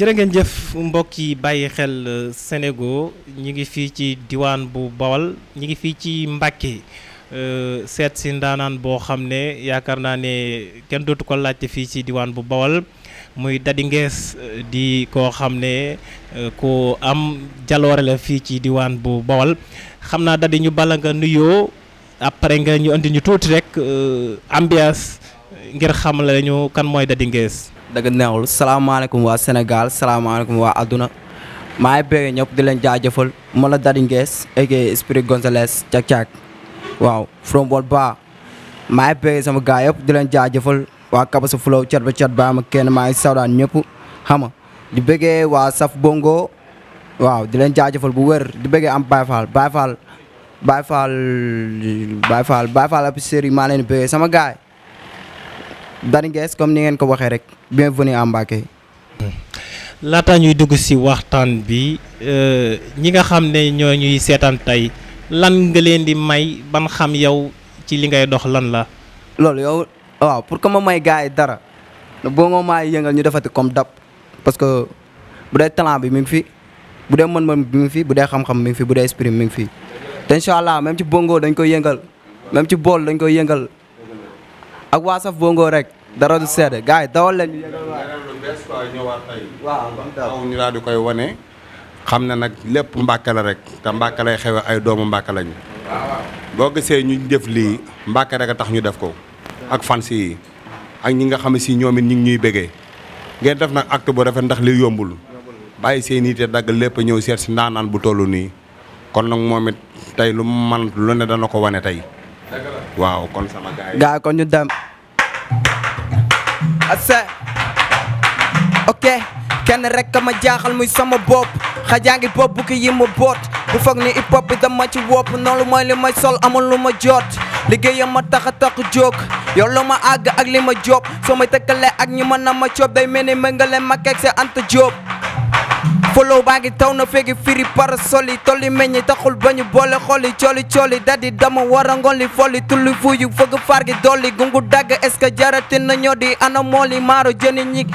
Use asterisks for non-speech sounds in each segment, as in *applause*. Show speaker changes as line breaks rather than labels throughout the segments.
jërë ngeen jëf mbokk yi bàyyi xel euh, Sénégo ñi ngi fii ci diwaan bu Bawal ñi ngi fii ci Mbàkke euh, seet si ndaanaan boo xam ne yaakaar naa ne kenn dootu ko laajte fii ci diwaan bu Bawal muy Dady Nguess euh, di koo xam ne ku am jaloore fii ci diwaan bu Bawal xam naa Dady ñu bala nga nuyoo après nga ñu indi ñu tuuti rek ambiance ngir xam la kan mooy Dady Nguess dëgg neexul salaamaaleykum
waa Sénégal salaamaaleykum waa àdduna maa ngi bëgg ñëpp di leen jaajëfal man la Daddy Nguess aka Spirit Gonzales Cak Cak waaw from bon ba maa ngi sama gaay yëpp di leen jaajëfal waa Kabasa Flow cat ba cat ba ma maa ngi sawdaan ñëpp xam di bëggee waa Saf Bongo waaw di leen jaajëfal bu wér di bëggee am Baye Fall Baye Fall Baye Fall Baye Fall maa leen bëggee sama gaay Danny Gueye comme ni ngeen ko waxee rek bienvenue à Mbacké.
laataa ñuy dugg ci waxtaan bi euh, ñi nga xam ne ñoo ñuy seetaan tey lan nga leen di may ban xam yow ci li ngay dox lan la. loolu yow waaw pour que ma may gars yi dara boo ma maay yëngal ñu defati comme dab
parce que bu dee talent bi mu ngi fi bu dee mën-mën bi mi ngi fi bu dee xam-xam mi ngi fi bu dee esprit mi ngi fi te incha allah même ci bongo dañ koy yëngal même ci bool dañ koy yëngal. ak waa saf bongo rek dara du sedd gars yi dawal leen ñu
yëgal waay waaw koy wane xam ne nag lépp Mbàkke la rek te Mbàkke lay xewe ay doomu Mbàkke lañu boo gisee ñu jëf lii Mbàkke rek a tax ñu def ko ak fans yi ak ñi nga xam si ñoom it ñu ngi ñuy bégee ngeen def nag acte bu rafet ndax li yombul bàyyi seen i te dagg lépp ñëw seet si ndaanaan bu toll nii kon nag moom it tey lu man lu ne dana ko wane tey waaw kon sama gars kon
ñu dem asa ok kenn rek ma jaaxal muy sama bopp xajaa ngi bopp bukki yi mu boot bu foog ni hip hop bi dama ci wopp noonu mooy li ma sol amul lu ma joot liggéeyam ma tax a tax jóg yow lu ma àgg ak li ma jóob soo ma tëkkalee ak ñi mën na ma coob day mel ni méngale ma keeg sa anta jóob polo baa ngi taw na fegi firi parasol yi tolli meññ taxul ba ñu boole xol yi cooli cooli dadi dama war a ngoon li folli tulli fuuyu fëgg faar gi dolli gungu dagg est-ce que jaratin na ñoo di ana mool yi maaro jëni ñig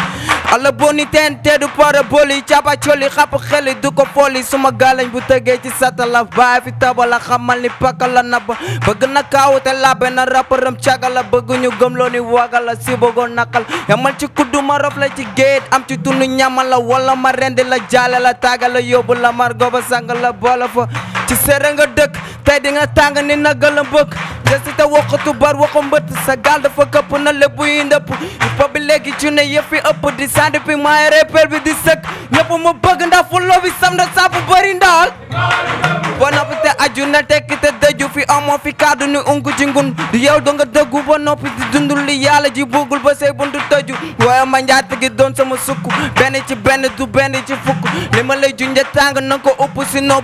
alla boni teen te du para boli caba coli xapp xeli du ko foli suma galañ bu tëggee ci satala baay fi tabala xamal ni pakka la nab bëgg na kaawute labe na rapparam cagala bëgg ñu gëmloo ni wagala si bëggoon naqal yamal ci kuddu ma rof la ci géet am ci tunu ñamal la wala ma rendi la jaale la taaga la yóbbu la margo ba sangal la boole fa ci sere nga dëkk tey di nga tàng ni na gëlëm bëgg nga si te waxatu bar waxu sa gaal dafa këpp na lépp yi ndëpp hip-hop léegi ci ne yëf yi ëpp di sandi bi maay rappeur bi di sëkk ñëpp mu bëgg ndax fu loo bi sam na bu bëri ndaal ba noppi te aju na tekki te dëju fi amoo fi kaddu ni ungu ci ngun du yow da nga dëggu ba noppi di dundul li yàlla ji bëggul ba say buntu tëju waaye ma njaat gi doon sama sukk benn ci benn du benn ci fukk li ma lay junja tàng na ko upp si noo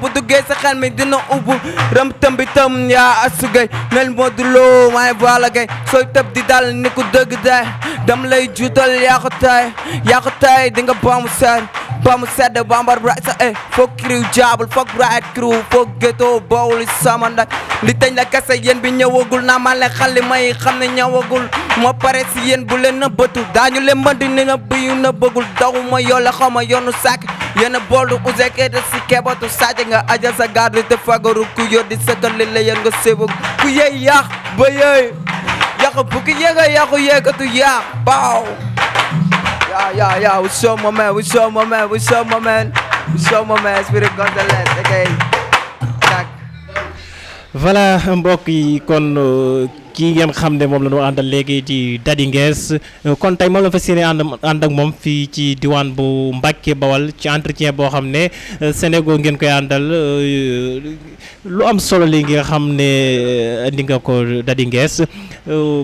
tëm tëmbi tëm yaa asugay nel Modou Lo maay Balla Gaye sooy tëb di dal ni ku dëgg daay dam lay juutal yaa ko taay yaa ko taay di nga baamu ba mu sedd bambar right sa eh foog crew jaabul foog right crew foog ghetto bawul sama li teñ la kese yéen bi ñëwagul naa man leen xali may xam ne ñëwagul ma pare si yéen bu leen na bëtu leen mën di ni na biyu na bëggul yoo la xaw ma yoonu sàkk yéen a boolu usekede si kebatu sadje nga aja sa garde te fagaru ku yor di sëkkal li la nga sébu ku yey yaax ba yey yàq bu ki yéega yàqu yéegatu yaax baaw Yeah, yeah, yeah. What's up, my man? What's up, my man? What's up, my man? What's up, my man? Spirit Gonzalez, okay.
voilà mbokk yi kon euh, kii ngeen xam ne moom la ñu àndal léegi di Daddy Nguess euh, kon tey moom la fa séenee ànd ak moom fii ci diwaan bu Mbàkke Bawal ci entretien boo xam ne euh, Sénégal ngeen koy àndal lu am solo li nga xam ne indi nga ko Daddy Nguess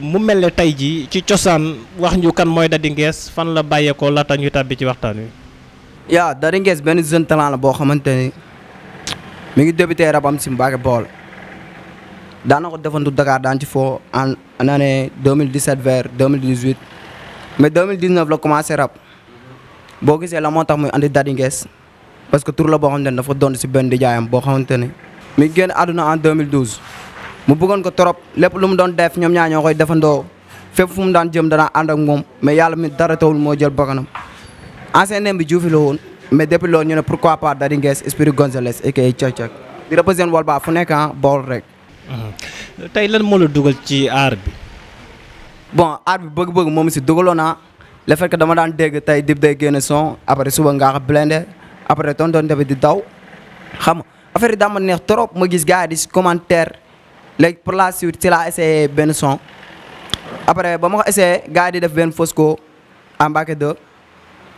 mu mel ne tey ji ci cosaan wax njukan kan mooy Daddy ngees fan la bàyyeekoo laata ñuy tàbbi ci waxtaan wi.
yaa Daddy ngees benn jeune talent boo xamante ni mi ngi débuté rabam si Mbàkke Bawal. daana ko defantu Dakar daan ci foo en en année 2017 vers 2018 mais 2019 la commencé rap boo gisee la moon tax muy andi Daddy Nguess parce que tur la boo xamante na dafa doon si benn nijaayam boo xamante ne. mi génn àdduna en 2012 mu bëggoon ko trop lépp lu mu doon def ñoom ñaa ñoo koy defandoo fépp fu mu daan jëm danaa ànd ak moom mais yàlla mi dara tawul moo jël bakkanam ancien nem bi juufi la woon mais depuis loolu ñu ne pourquoi pas Daddy Nguess Esprit Gonzales aka Thiak
Thiak
fu nekk ah, bool rek.
Uh-huh. tey lan moo la dugal ci aar bi.
bon aar bi bëgg-bëgg moom si dugaloon naa le fait dama daan dégg tey dib day génne son après suba Ngaka Blindé après tonton Ndebe di daw xam nga affaire yi ma neex trop ma gis gars di commentaire léegi pour la suite ci laa essayé benn son après ba mu ko essayé di def benn Fosco Mbacké 2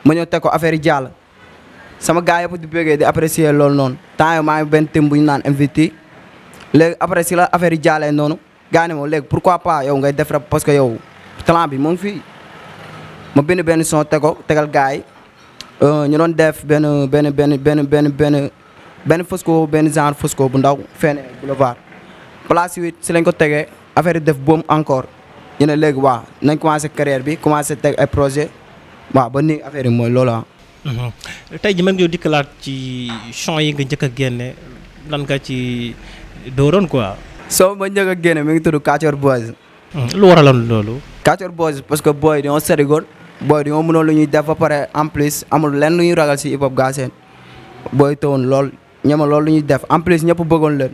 ma ñëw teg ko affaire yi jàll sama gars yëpp di bëggee di apprécier loolu noonu temps maa benn thème naan invité. léegi après si la affaire yi jaalee noonu gaa ne moom léegi pourquoi pas yow ngay def rap parce que yow bi moo ngi fii ma bind benn son tego tegal gars yi euh, ñu doon def benn benn benn benn benn benn benn fosco benn genre fosco bu ndaw fene boulevard place yi si lañ ko tegee affaire def boom encore ñu ne léegi waa nañ commencé carrière bi commencé teg ay projet waa ba nii affaire mooy loola ah.
Mhm. tey ji mën nga dikkalaat ci son yi nga njëkk a génne lan nga ci.
dooroon quoi. soo ma njëkk a génne mi ngi tudd Kacoor Boys.
Hmm, lu waraloon loolu.
Kacoor Boys parce que booy dañoo sérigoon booy dañoo mënoon lu ñuy def ba pare en plus amul lenn lu ñuy ragal si hip hop gaaseen booy tawoon lool ñema lool lu ñuy def en plus ñëpp bëggoon leen.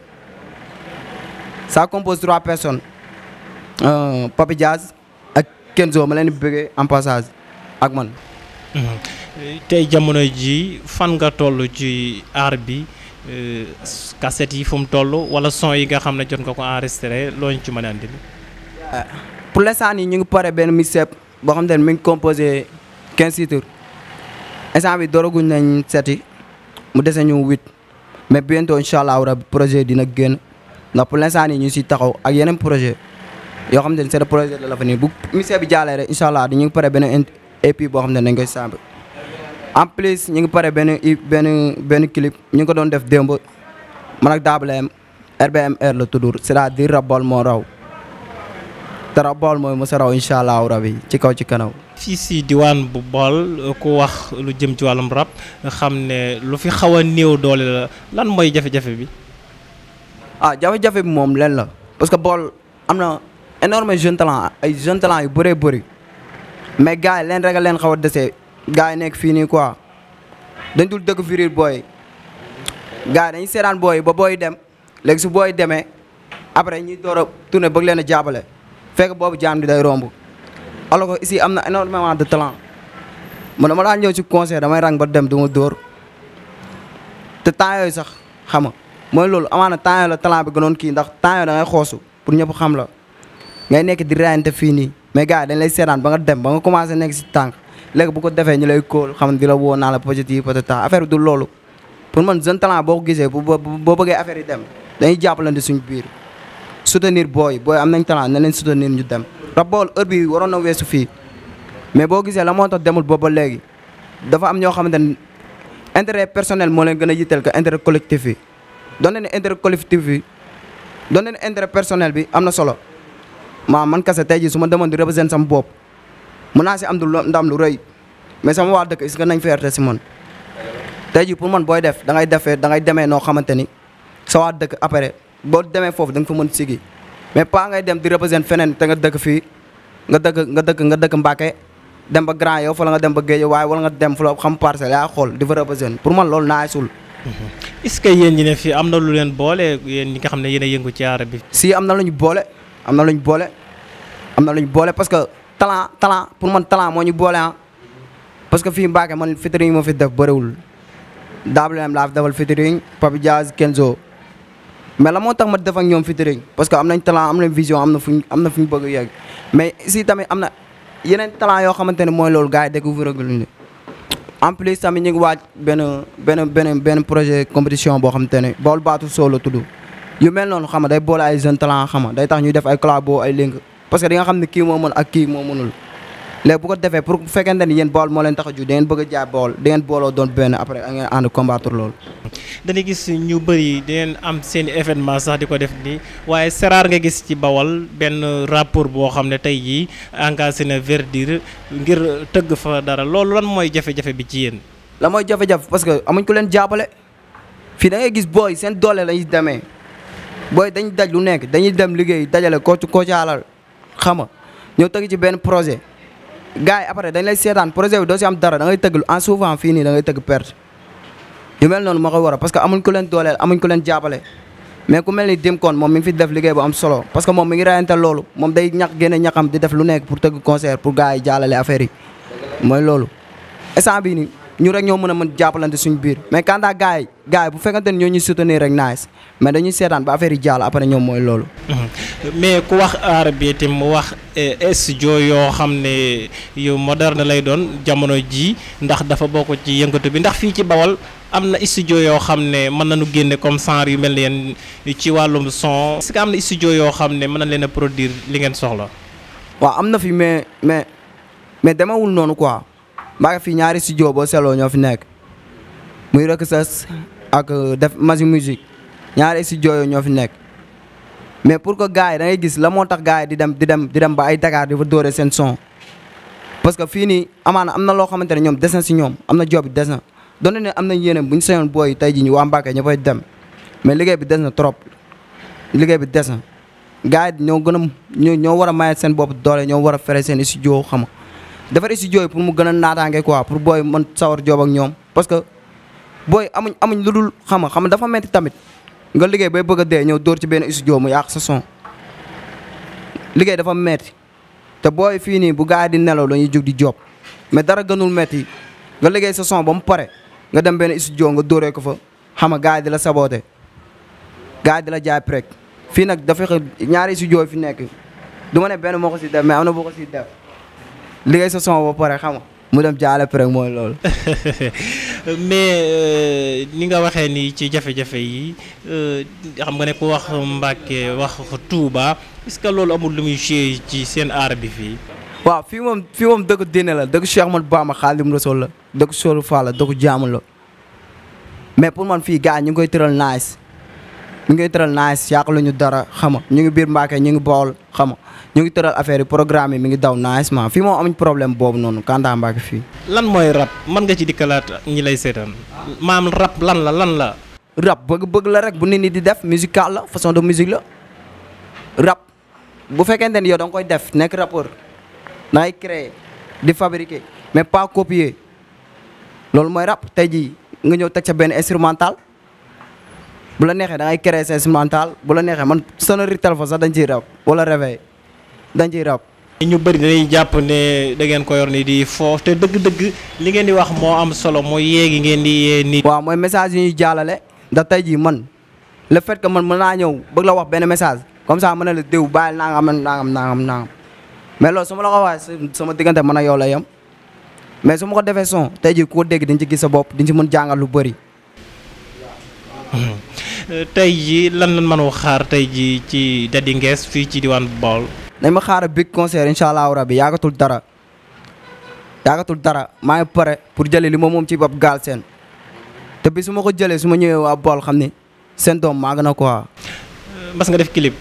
ça compose trois personnes euh, Papi Diaz ak Kenzo ma leen di bëggee en passage ak man.
Hmm. tey jamono ji fan nga toll ci aar bi. cassette yi fu mu toll wala son yi nga xam na jot nga ko enregistré loo ñu ci mën a andil. pour l'instant
nii ñu ngi pare benn mixtape boo xam ne mi ngi composé 15 titres instant bi dooraguñ nañ seti mu ñu huit mais bientôt incha allah projet dina génn ndax pour l'instant nii taxaw ak yeneen projet yoo xam ne c'est le projet de l'avenir bu mixtape bi jàllee rek incha allah dañu ngi pare benn EP boo xam ne dañ koy sàmb. en plus ñu ngi pare benn benn benn clip ñu ngi ko doon def démb man ak Dablem RBMR la toudour c'est-à-dire rabol moo raw te rabool mooy mos a raw incha allahu rabi ci kaw ci kanaw.
fii si diwaan bu bool euh, ku wax lu jëm ci wàllum rab xam ne lu fi xaw a néew doole la lan mooy jafe-jafe bi. ah jafe-jafe bi moom leen la parce que bool am na énorme jeune talent
ay jeune talent yu bëree bëri mais gars leen rek a leen xaw a dese. gars yi nekk fii nii quoi dañ dul dëgg virir booy gars yi dañuy seetaan booy ba booy dem léegi si booy demee après ñuy door a tourné bëgg leen a jàppale fekk boobu jaam di day romb alors que am na énormément de talent man dama daan ñëw ci concert may rang ba dem du ma dóor te temps yooyu sax xam nga mooy loolu amaana temps yooyu la talent bi gënoon kii ndax temps yooyu da ngay xoosu pour ñëpp xam la ngay nekk di rayante fii nii mais gars yi dañ lay seetaan ba dem ba nga commencé nekk si tànk léegi bu ko defee ñu lay kóol xam ne di la woo naa la peut-être yi peut-être tax du loolu pour man jeune talent boo gisee bu boo bëggee affaire yi dem dañuy jàppalante suñu biir soutenir booy booy am nañ talent na leen soutenir ñu dem rab bool heure bi waroon na weesu fii mais boo gisee la moo tax demul booba léegi dafa am ñoo xamante ne intérêt personnel moo leen gën a yitteel que intérêt collectif yi doon ne intérêt collectif bi doon ne intérêt personnel bi am na solo maa man kase tey jii su ma demoon di représenter sama bopp mën naa si am du ndam lu rëy mais sama waa dëkk est nga nañ fierté si man tey jii pour man booy def da ngay defee da demee noo xamante ni sa waa dëkk après boo demee foofu da nga fa mën sigi mais pas ngay dem di représenter feneen te nga dëkk fii nga dëkk nga dëkk nga dëkk Mbàkke dem ba Grand Yoff wala nga dem ba Guédiawaye wala nga dem fu xam Parcelles yaa xool di fa représenter pour man loolu naa sul
mm-hmm. est-ce que yéen ñi ne fii am na lu leen boole yéen ñi nga xam ne yéen a yëngu ci aar bi. si am na lu ñu boole am na lu ñu boole am na
lu ñu boole parce que talent talent pour man talent moo ñu boole ah parce que fii Mbacké man featuring moo fi def bëriwul WM laa fi defal featuring Papi Diaz Kenzo mais la moo tax ma def ak ñoom featuring parce que am nañ talent am nañ vision am na fuñ am na fu ñu bëgg yegg mais si tamit am na yeneen talent yoo xamante ne mooy loolu gars yi découvrir ñu en plus tamit ñu ngi waaj benn benn benn benn projet compétition boo xamante ne Baol Baatu Solo tudd yu mel noonu xam nga day boole ay jeunes talent xam nga day tax ñuy def ay collabo ay link parce que di nga xam ne kii moo mën ak kii moo mënul léegi bu ko defee pour bu fekkente ni yéen bool moo leen tax a jug da ngeen bëgg jaay bool da booloo doon benn après
da gis ñu bëri di am seen événement sax di ko def nii waaye seraar nga gis ci bawal benn rapport boo xam ne tey jii engagé na verdure ngir tëgg fa dara loolu lan mooy jafe-jafe bi ci yéen. la mooy jafe-jafe parce que amuñ ko leen jàppale fii da gis booy seen doole lañuy demee
booy dañ daj lu nekk dañuy dem liggéey dajale koo ci koo ci xam nga ñëw tëgg ci benn projet dañ lay seetaan projet bi doo si am dara da ngay tëgg en souvent fii nii da ngay tëgg perte yu mel noonu moo koy waral parce que amuñ ku leen dooleel amuñ ku leen jàppale mais ku mel ni Dimkon moom mi ngi fi def liggéey bu am solo parce que moom mi ngi rayante loolu moom day ñax génne ñaxam di def lu nekk pour tëgg concert pour gars yi jàllale mooy loolu instant bii nii ñu rek ñoo mën a mën jàppalante suñu biir mais quant à gars bu fekkante ne ñoo ñuy soutenir rek nice mais dañuy seetaan ba affaire yi jàll après ñoom mooy loolu.
Mm-hmm. mais ku wax aar bi itam mu wax eh, studio yoo xam ne yu moderne lay doon jamono ji ndax dafa bokk ci yëngatu bi ndax fii ci Bawol am na studio yoo xam ne mën nañu génne comme genre yu mel ne yéen ci wàllum son. si ce am na studio yoo xam ne mën na leen a produire li ngeen soxla.
waa am na fi mais mais mais demewul noonu quoi. maa ngi fi ñaari studio boo seetloo ñoo fi nekk muy rek sas ak euh, def machine musique ñaari studio yooyu ñoo fi nekk mais pour que gars yi da gis la moo tax gars yi di dem di dem di dem ba ay Dakar di doore dóore seen son parce que fii nii amaana am na loo xamante ne ñoom des si ñoom am na job bi des na donte ne am na yéene bu ñu sañoon booy tey jii ñu waa Mbacke ñu fay dem mais liggéey bi des na trop liggéey bi des na gars yi ñoo gën a ñoo ñoo war a maye seen bopp doole ñoo war a fere seen studio xam nga defar studio yi pour mu gën a naataange quoi pour booy man sawar joob ak ñoom parce que booy amuñ amuñ lu dul xam xam dafa metti tamit nga liggéey bay bëgg dee ñëw door ci benn studio mu yàq sa son liggéey dafa metti te booy fii nii bu gaa yi di nelaw la ñuy jóg di job mais dara gënul metti nga liggéey sa son ba mu pare nga dem benn studio nga dóoree ko fa xam nga gaa di la saboote gaa yi di la jaay prek fii nag dafa ñaari studio fi nekk du ne benn moo ko si def mais am liggéey sa son ba pare xam mu dem jaale prek mooy loolu.
*laughs* mais euh, ni nga waxee ni ci jafe-jafe yi euh, xam nga ne ko wax Mbàkke wax Touba est-ce que loolu amul lu muy joué ci seen aar bi fii.
waaw fii moom fii moom dëkk diine la dëkk Cheikh Ahmadou Bamba Xaadimu Rasuul la dëkk Sóoru Fall la dëkk jaamu la mais pour man fii gars ñu ngi koy tëral nice ñu ngi tëral nice yàqaluñu dara xama ñu ngi biir Mbacke ñu ngi bool xama ñu ngi tëral affaire yi programme yi mi ngi daw nice ma moo am amuñ problème boobu noonu Kanta Mbacke fii.
lan mooy rap mën nga ci dikkalaat ñi lay seetaan maam rap lan la lan la. rab bëgg-bëgg la rek bu nit ñi di def
musical la façon de musique la rap bu fekkente ni yow danga koy def nekk rapport da ngay créer di fabriquer mais pas copier loolu mooy rap tey jii nga ñëw teg sa benn instrumental. bu la neexee da ngay créer ses
mental bu la neexee man sonnerie téléphone sax dañ ciy rab wala réveil dañ ciy rab. ñu bëri dañuy jàpp ne da ngeen ko yor ni di foofu te dëgg-dëgg li ngeen wax moo am solo mooy yéegi ngeen di yee nii. mooy message yi ñuy jàllale ndax tey jii man le fait que
man mën naa ñëw bëgg la wax benn message comme ça ma ne la déw bàyyil nangam nangam nangam nangam mais loolu su ma la ko sama diggante man ak yow la yem mais su ma ko defee son tey jii ku ko dañ ci gis sa bopp dañ ci mën jàngal lu bari
hmm. tey jii lan lan mënoo xaar tey jii ci Daddy ngees fii ci diwaan bu Baol. nañ ma xaar big concert
incha allahu rabi yaakatul dara yaakatul dara maa ngi pare pour jëlee li moom moom ci bopp gaal seen te bi su ma ko jëlee su ma ñëwee waa Baol xam ni seen doom maa gën a quoi. Euh, mas nga def kilib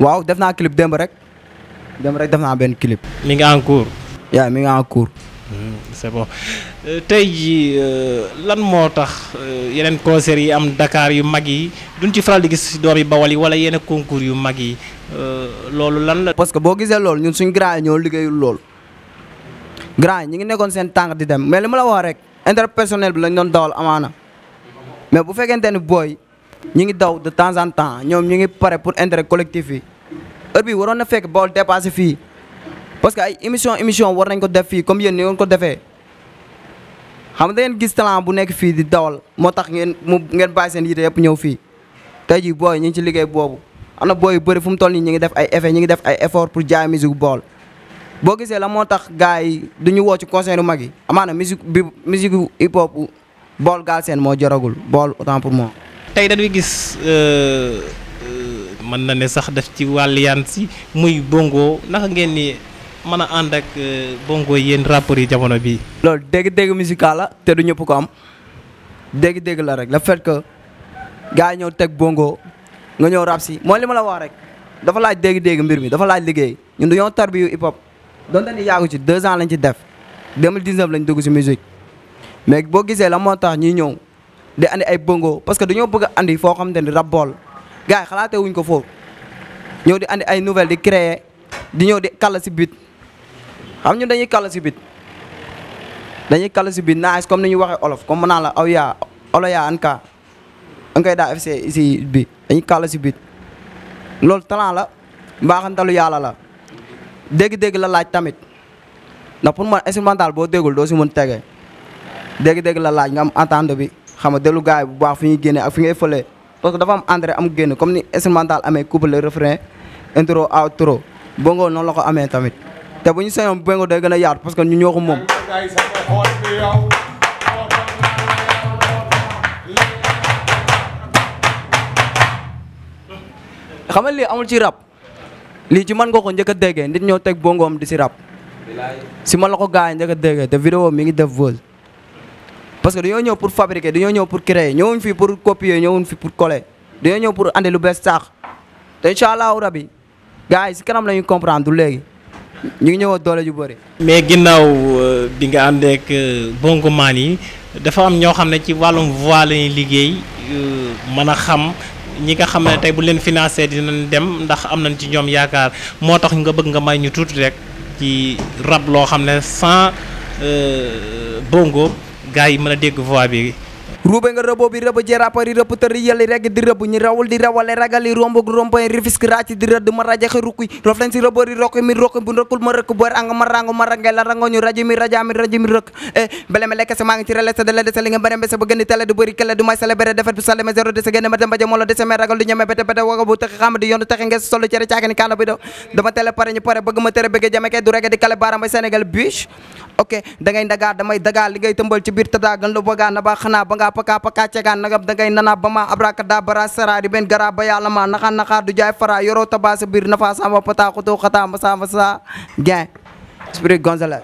waaw def naa clip demb rek démb rek def
naa benn clip. mi ngi en cours. yaa ngi en Hmm, c'est bon euh, tey jii euh, lan moo tax euh, yeneen concerts yi am Dakar yu mag yi duñ ci faral di gis doom yi bawal yi wala yeneen concours yu mag yi loolu lan la. parce que boo gisee loolu ñun
suñ grand yi ñoo liggéeyul loolu grand yi ñu ngi nekkoon seen tànk di dem mais li ma la wax rek interpersonnel bi lañ doon dawal amaana mais bu fekkente ni booy ñu ngi daw de temps en temps ñoom ñu ngi pare pour intérêt collective yi heure waroon na fekk bawal dépassé fii. parce que ay émission émission war nañ ko def fii comme yéen ni ngeen ko defee xam da ngeen gis talent bu nekk fii di dawal moo tax ngeen mu ngeen bàyyi seen yite yëpp ñëw fii tey jii booy ñu ngi ci liggéey boobu am na booy yu bëri fu mu toll nii ñu ngi def ay effet ñu ngi def ay effort pour jaay musique bool boo gisee la moo tax gars yi du ñu woo ci concert mag yi amaana musique bi musique hip hop bool gaal seen moo joragul bool autant pour moo
tey dañuy gis euh, euh, mën na ne sax def ci wàll yaan si muy bongo naka ngeen ni mën a ànd ak euh, bongo yéen rappeurs yi jamono bii. loolu dégg-dégg musical la
te du ñëpp ko am dégg la rek la fait que gars ñëw teg bongo nga ñëw rap si mooy li ma la wax rek dafa laaj dégg-dégg mbir mi dafa laaj liggéey ñun dañoo tarbiyu hip hop donte ni yaagu ci deux ans lañ ci def 2019 lañ dugg si musique mais boo gisee la moo tax ñuy ñëw di andi ay bongo parce que dañoo bëgg a andi foo xamante ni rap bool gars yi xalaatee wuñ ko foofu ñëw di andi ay nouvelle di créer di am ñun dañuy kàll si bit dañuy kàll si bit nice comme ni ñu waxee olof comme naa la aw yaa olo yaa an daa FC si bi dañuy kàll si bit loolu talent la mbaaxantalu yàlla la dégg-dégg la laaj tamit ndax pour man instrumental boo déggul doo si mën tege dégg-dégg la laaj nga am entente bi xam nga dellu gaay bu baax fi ñuy génne a fi ngay fëlee parce que dafa am entrée am génn comme ni instrumental amee couple refrain intro outro bongo noonu la ko amee tamit te bu ñu sañoon Bengo day gën a yaatu parce que ñu ñoo ko moom. xam nga lii amul ci rap lii ci man nga ko njëkk a déggee nit ñoo teg bongoom di si rab si man la ko gars yi njëkk a déggee te vidéo mi ngi def vol parce que dañoo ñëw pour fabriquer dañoo ñëw pour créer ñëwuñ fi pour copier ñëwuñ fi pour coller dañoo ñëw pour andi lu bees saax te incha allahu rabi gars yi si kanam la ñu comprendre léegi.
ñu ngi ñëwoon doole yu bëri. mais ginnaaw euh, bi nga àndeek ak euh, bongo maan yi dafa am ñoo xam ne ci wàllum voix lañuy liggéey euh, mën a xam ñi nga xam ne tey bu leen financé dinañ dem ndax am nañ ci ñoom yaakaar moo tax nga bëgg nga may ñu tuuti rek ci rab loo xam ne sans bongo gars yi mën a dégg voix bi. ruube nga rëboobi rëbb jeraapari rëbb tëri yëli regg di rëbb ñi rawul di
rawale ragali rombug rompoy rifisk raaci di rëdd ma rajaxi rokki mi rokki bu rëkkul mi rëkk eh, bele me lekke sa maa ngi ci relesa dala desa li nga bërem bese ba gën di bëri kele du may célébrer defet bu saleme zéro desa génne ma molo desa me ragal du ñeme bete bete waga bu taxi xam di yondu taxi nge solo cere caakini kaala bi do dama tele pare ñu pare bëgg tere bëgg jame ok da ngay ndagaa damay dagaa li ngay tëmbal ci biir tadaa gan lu bagaa na ba xanaa ba ngaa pakaa pakaa cegaa nagab da ngay nanaa ba maa abrakada bara saraari benn garaa ba yàlla maa naxaa du jaay fara yoroo tabaa sa biir sama pataa xutu xataa masa masa gain Spirit Gonzales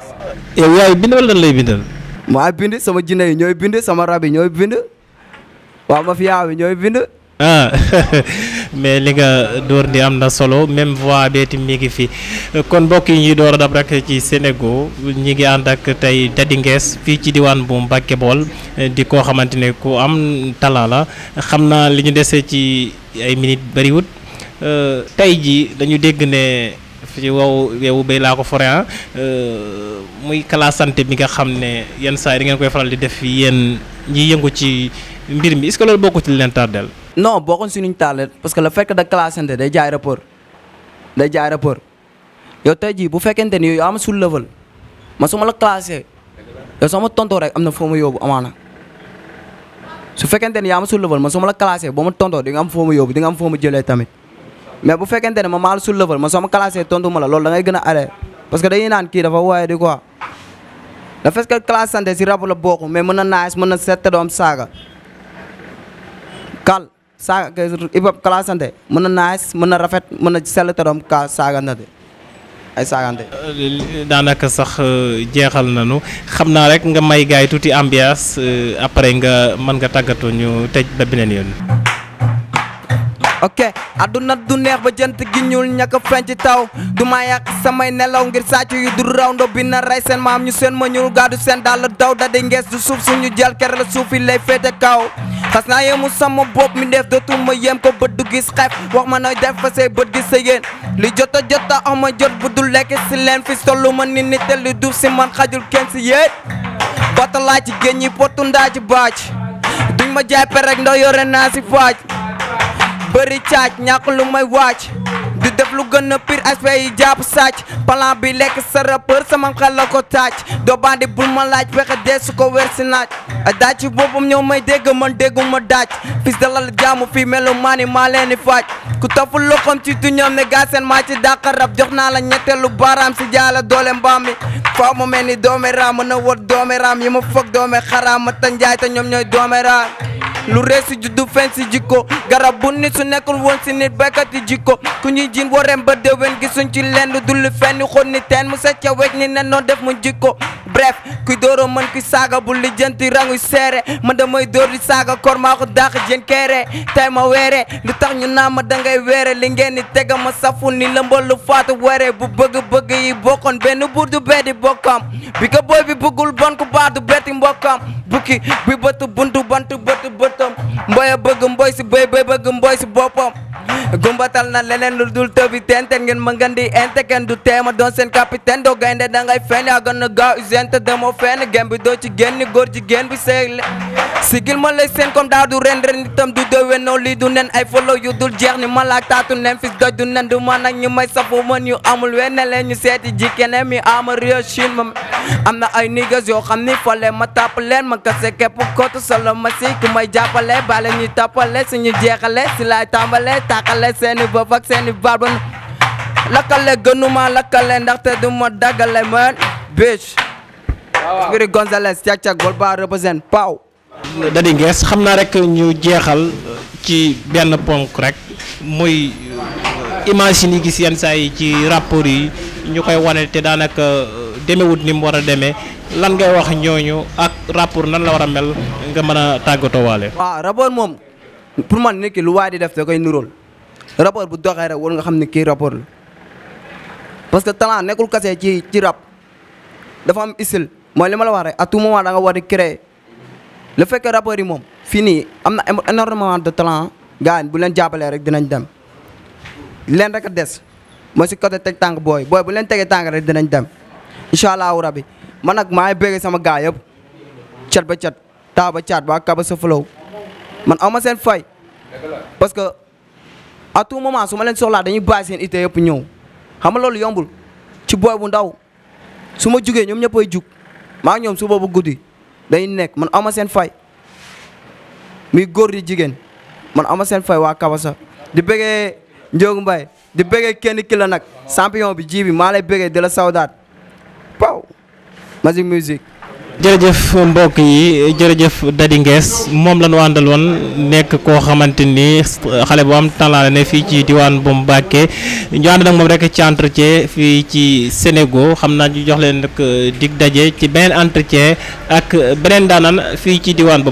yow yaay bind wala lan lay bindal maa bind sama jinne yi ñooy bind sama rab yi bind waa ma fi yaaw bind
Ah. *laughs* mais li nga dóor di am na solo même voix beeti mi ngi fi kon mbokk yi ñuy door a dab ci Sénégal ñi ngi ànd ak tey Daddy Nguess fii ci diwaan bu Mbàkke Bool di koo xamante ne ku am talaa la xam naa li ñu desee ci ay minutes bariwut euh, tey ji dañu dégg ne fi wow weewu bay laa ko forain ah. euh, muy classante bi nga xam ne yenn saa yi da ngeen koy faral di def yéen ñiy yëngu ci mbir mi est loolu bokku ci leen tardel non bokkuñ suñu
talent parce que le fait que da classante day jaay rapport day jaay rapport yow tey jii bu fekkente ni yow am sul level ma su ma la classé yow soo tontoo rek am na foo ma yóbbu amaana su fekkente ni yaa ma sul level ma su ma la classé boo ma tontoo di nga am foo ma yóbbu di nga am tamit mais bu fekkente ne ma maal sul level ma soo ma classé tontu ma la loolu da ngay gën a arrêté parce que dañuy naan kii dafa waaye di quoi le fait que classante si rab la mais mën na naaj mën na set te saaga saaga hip hop classante mën na nice mën na rafet mën na sell te doom ka saagante ay
saagante euh, daanaka sax euh, jeexal nañu xam naa rek nga may gaay tuuti ambiance euh, après nga mën nga tàggatoo ñu tëj ba beneen yoon
ok aduna du neex ba jant gi ñuul ñaka feeñ ci taw du ma yàq samay nelaw ngir sàcc yu du raw ndo bi na rey seen maam ñu seen ma ñuul gaadu seen daal daw da di ngees du suuf suñu jël kere suuf yi lay féete kaw xas naa yemu sama bopp mi def dootuma yem ko bët du gis xef wax ma nooy def fa say bët gis sa yéen li jota jota ama jot bu dul lekk si leen fi sollu ma nit li duuf si man xajul kenn si yéen batalaa génn ñi potu ndaa ci baaj duñ ma jaay pe rek ndax yore naa si faaj bëri caaj ñàkk lu may waaj di def lu gën a pire aspect yi jàpp bi lekk sa rappeur sama xel la ko tàcc doo bandi bul ma laaj fexe dee ko weer si naaj daaj ci boppam ñëw may dégg man dégguma daaj fils de lal jaamu fii melu maa ni maa leen di faaj ku topp loxoom ci tuñam ne gaa seen maa ci jox naa la ñetteelu baaraam si jaala doole mbaam mi faaw ma mel doome raam mën a wër doome raam yi ma foog doome xaraam ma ta ñoom ñooy doome raam lu rëy si juddu fen si jikko garab bu nit su nekkul woon si nit baykati jikko ku ñuy jiin wareem ba déwén gisuñ ci lenn du lu fenn xon ni teen mu sa ca wéj ni nen noon def mu jikko bref kuy dóoro mën kuy saaga bu lijjanti ranguy seere man damay dóor di saaga kor maa ko dàq jën keere tay ma weere lu tax ñu naa ma dangay weere li ngeen ni tega ma safu ni lëmbal lu faatu were bu bëgg-bëgg yi bokkoon benn buur du beddi bokkam bi ko booy bi bëggul bon ku baax du betti mbokkam bukki bi bëtt buntu bantu bëtt bëttam mboy bëgg mboy si bëy bëy bëgg mboy si boppam gumbatal na leneen lu dul tëbi tenten ngeen ma ngeen di inte kenn du teema doon seen capitaine doo gaynde da ngay fen yaa gën a gaaw usente demoo fenn gem bi doo ci génn góor jigéen bi sëy sigil ma lay seen comme daaw du ren ren itam du déwénoo lii du nen ay follow yu dul jeex ni ma laak taatu nen fis doj du nen du man ak ñu may safu mën yu amul wene leen ñu seeti jikkene mi ama rio chine ma am na ay niggas yoo xam ni fale ma tàpp leen ma kase képp kootu solo ma si ku may jàppale bale ñuy tappale suñu jeexale si laay tàmbale tàqale seeni bopp ak seeni baat ba lakkale gënuma lakkale ndaxte du ma daggale man bitch Spirit Gonzalez cag
Dadi Nges xam naa rek ñu jeexal ci benn ponk rek muy euh, image si ni gis yenn saa yi ci rapport yi ñu koy wane te daanaka euh, demewut ni mu war a demee lan ngay wax ñooñu ak rapport nan la war a mel nga mën a tàggatoo waale. waaw rapport moom pour man nekki lu waay di def da koy
nurool rapport bu doxee rek war nga xam ne kii rapport la parce que nekkul kase ci rap dafa am isil mooy li ma la wax rek à tout moment da nga le fait que rappeurs yi moom fii nii am na énormément de talent gars yi bu leen jàppalee rek dinañ dem leen rek des mooy si côté teg booy booy bu leen tegee tànk rek dinañ dem incha allahu rabi man nag maa ngi bëggee sama gars yëpp cat ba cat taa ba cat ba kaba sa man aw ma seen fay parce que à tout moment su ma leen soxlaa dañuy bàyyi seen ité yëpp ñëw xam nga loolu yombul ci booy bu ndaw su ma jugee ñoom ñëppay jug maa ngi ñoom suba bu guddi. day nekk man ama seen fay muy góor di jigéen mën ama seen fay waa Kabasa di bëggee Ndiogu Mbaye di bëggee kenn ki la nag champion bi ji bi maa lay bëggee di la sawdaat paw Magic Music
jërëjëf mbokk yi jërëjëf Dady ngees moom la ñu àndaloon nekk koo xamante ni xale bu am talent ne fii ci diwaan bu Mbàkke ñu ànd nag moom rekk ci entretien fii ci sénégo xam naa ñu jox leen rek euh, dig daje ci beneen entretien ak beneen daanan fii ci diwaan bu